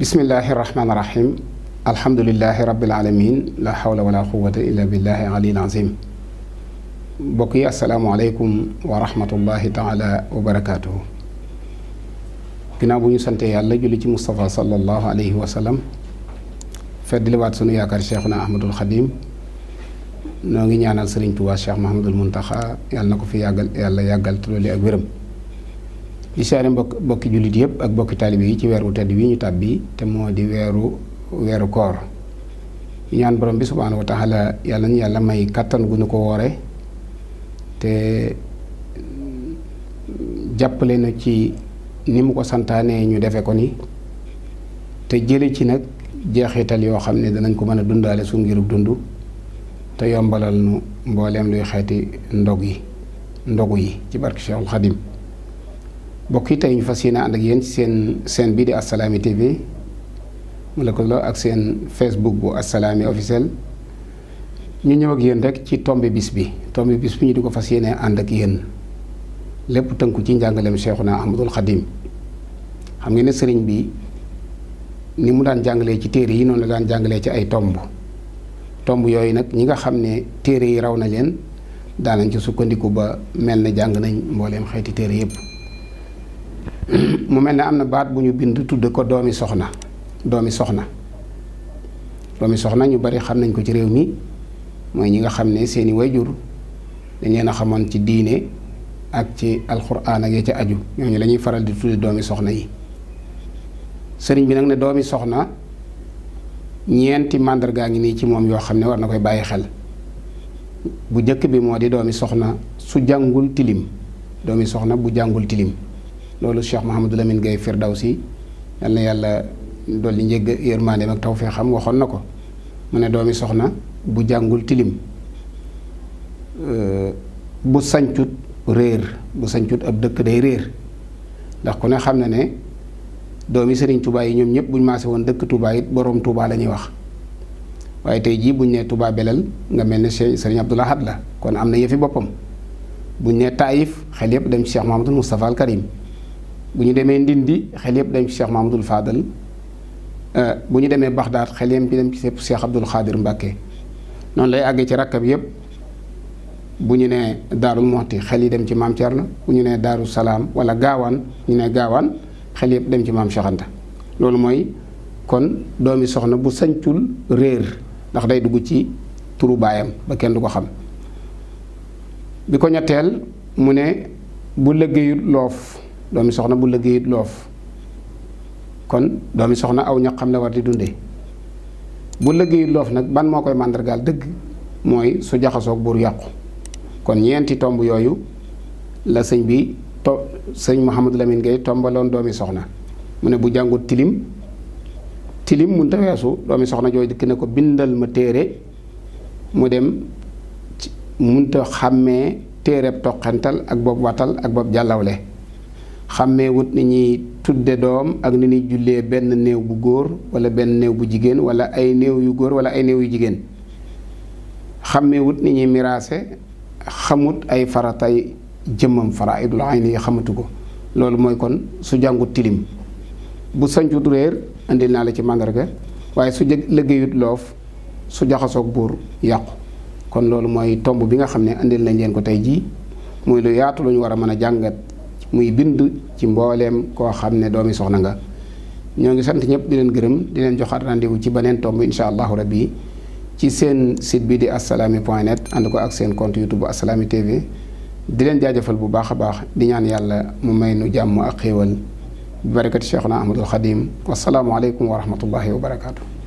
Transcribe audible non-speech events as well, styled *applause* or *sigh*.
bismillaahi rahmaani rahiim alhamdulillaahi la aalamiin laa xawla wala quwwata illaa billaahi aliyyil aziim mbokk yi asalaamaaleykum wa rahmatullaahi taala wa barakaatuhu ginnaaw bu ñu sante yàlla julli ci Moustapha sallallahu alayhi wa sallam feddliwaat sunu yaakaar Cheikhuna Ahmadul Xadim noo ngi ñaanal Sëriñ Tuubaa Cheikh Mahamadul Muntaxa yàlla na ko fi yàggal yàlla yàggal te loolu ak wéram di siyaare mbokk mbokki jullit yëpp ak bokki taalib yi ci weer wu tedd wi ñu tàbbi te moo di weeru weeru koor ñaan borom bi subhaanahu wa yàlla ñu yàlla may kàttan gu ñu ko woore te jàppale na ci ni mu ko santaanee ñu defe ko ni te jële ci nag jeexital yoo xam ne danañ ko mën a dundaale su ngirub dund te yombalal nu mbooleem luy xeeti ndog yi ndogu yi ci barke Cheikhul Xadim mbokk yi tey ñu fas yéene ànd ak yéen ci seen seen bii di Assalaamy TV mu lëkkaloo ak seen Facebook bu Assalaamy officiel ñu ñëw ak yéen rek ci tombe bis bi tombe bis bi ñu di ko fas yéene ànd ak yéen lépp tënku ci njàngaleem Cheikhuna Ahmadul Xadim xam ngeen ne sëriñ bi ni mu daan jàngalee ci téere yi noonu la daan jàngalee ci ay tomb tomb yooyu nag ñi nga xam ne téere yi raw na leen daanañ ci sukkandiku ba mel na jàng nañ mbooleem xeeti téere yépp *coughs* mu mel ni am na baat bu ñu bind tudd ko doomi soxna doomi soxna doomi soxna ñu bari xam nañ ko ci réew mi mooy ñi nga xam ne seeni wayjur dañ leen a xamoon ci diine ak ci alxuraan ak ya ci aju ñooñu la ñuy faral di tudde doomi soxna yi sëriñ bi nag ne doomi soxna ñeenti màndargaa ngi nii ci moom yoo xam ne war na koy bàyyi xel bu jëkk bi moo di doomi soxna su jàngul tilim doomi soxna bu jàngul tilim loolu Cheikh Mouhamadou Lamine Gueye Firdawsi yal na yàlla dool dolli njëgg yërmaandeem ak tawfeexam waxoon na ko mu ne doomi soxna bu jàngul tilim euh, bu sancut réer bu sancut ab dëkk day réer ndax ku ne xam na ne doomi Serigne Touba yi ñoom ñëpp buñ maase woon dëkk Touba it borom tubaa la ñuy wax waaye tey jii buñ ne Touba Belel nga mel ni Cheikh Serigne Abdoul la kon am na yëfi boppam buñ ne Taïf xel yëpp dem Cheikh Mouhamadou Moustapha Karim bu ñu demee Ndindi xel yëpp dem ci Cheikh Mamadou Fadal euh, bu ñu demee Baxdaat xel yëpp dem ci Cheikh Abdoul Khadir Mbacke noonu lay àggee ci rakkab yëpp bu ñu nee Daarul Moxti xel yi dem ci maam Thierno bu ñu nee Daaru Salaam wala Gaawaan ñu ne Gaawaan xel yëpp dem ci maam Cheikh loolu mooy kon doomi soxna bu sañcul réer ndax day dugg ci turu baayam ba kenn du ko xam bi ko ñetteel mu ne bu liggéeyul loof. doomi soxna bu liggéeyit loof kon doomi soxna aw ñaqam la war di dunde bu liggéeyit loof nag ban moo koy màndargaal dëgg mooy su jaxasoog buur yàqu kon ñeenti tomb yooyu la sëñ bi to sëñ Mouhamadou Lamine ngay tombaloon doomi soxna mu ne bu jàngut tilim tilim mun ta weesu doomi soxna jooju dikk ne ko bindal ma téere mu dem mun ta xàmmee téereb toqental ak bopp wattal ak bopp jàllawle xàmmeewut ni ñuy tudde doom ak ni ñuy jullee benn néew bu góor wala benn néew bu jigéen wala ay néew yu góor wala ay néew yu jigéen xàmmeewut ni ñuy miraase xamut ay faratay jëmmam fara faraidul ayni yi xamatu ko loolu mooy kon su jàngut tilim bu sancut réer indil naa la ci màndarga waaye su jë liggéeyut loof su jaxasoog buur yàqu kon loolu mooy tomb bi nga xam ne indil nañ leen ko tey jii muy lu yaatu lu ñu war a mën a jàngat muy bind ci mbooleem koo xam ne doomi soxna nga ñoo ngi sant ñëpp di leen gërëm di leen joxaat rendez-vous ci beneen tomb incha allahu rabbi ci seen sit bi di assalaami point net ànd ko ak seen compte youtube assalaami tv di leen jaajëfal bu baax a baax di ñaan yàlla mu may nu jàmm ak xéewal bi barakati cheikhuna ahmadul xadim wasalaamualeykum wa rahmatullahi wa barakaatu.